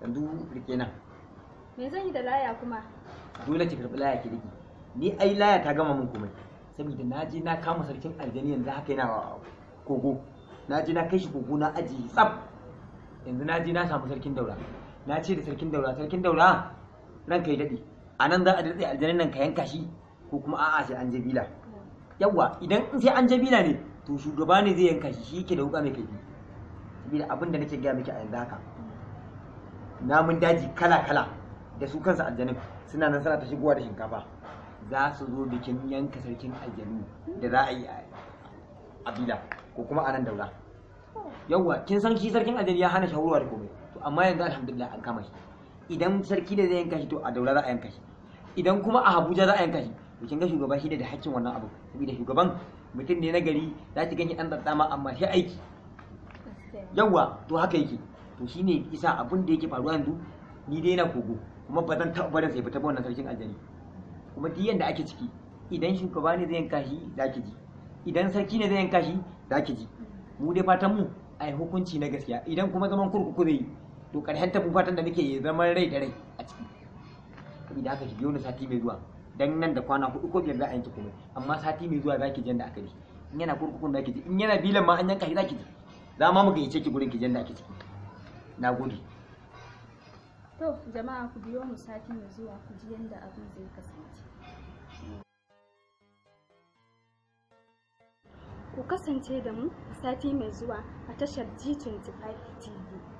yanzu rike nan me zan yi da laya kuma dole ki karɓi laya ki rike ni ai laya ta gama min komai saboda na je na kama sarkin aljani yanzu haka yana kogo na je na kai shi kogo na aji tsaf yanzu na je na samu sarkin daura na ce da sarkin daura sarkin daura ran yi daɗe a nan za a daɗe aljanin nan ka yanka shi ko kuma a'a sai an jabila. Yawa, yawwa idan in sai an jabila ne to shugaba ne zai yanka shi shi yake da wuka mai kaifi saboda abin da nake gaya miki a yanzu haka namun daji kala-kala da su kansu aljanin suna nan suna ta shigowa da shinkafa za su zo bikin yanka sarkin aljanu da za a yi a bila ko kuma a nan daura yawwa kin san shi sarkin aljanu ya hana shawarwa da komai to amma yanzu alhamdulillah an kama shi idan sarki da zai yanka shi to a daura za a yanka shi idan kuma a abuja za a yanka shi to kin ga shugaba shi da hakkin wannan abu saboda shugaban mutum ne na gari za ki gani dan tsatsama amma shi aiki yawwa to haka yake to shine isa abin da yake faruwa yanzu ni dai na kogo kuma ba zan taɓa barin sai fita ba wannan sarkin aljani kuma duk yanda ake ciki idan shugaba ne zai yanka shi zaki ji idan sarki ne zai yanka shi zaki ji mu dai fatan mu a yi hukunci na gaskiya idan kuma zaman kurkuku zai yi to ƙarshen tafi fatan da muke yi zaman rai da rai a ciki idan aka biyo ni sati mai zuwa dan nan da kwana hudu ko biyar za a yanke komai amma sati mai zuwa zaki ji da aka ji in yana kurkukun zaki ji in yana bilan ma an yanka shi zaki ji za ma mu gayyace ki gurin ki ji da ake ciki na gode to jama'a ku biyo mu sati mai zuwa ku ji yadda abin zai kasance ku kasance da mu sati mai zuwa a tashar G25 TV.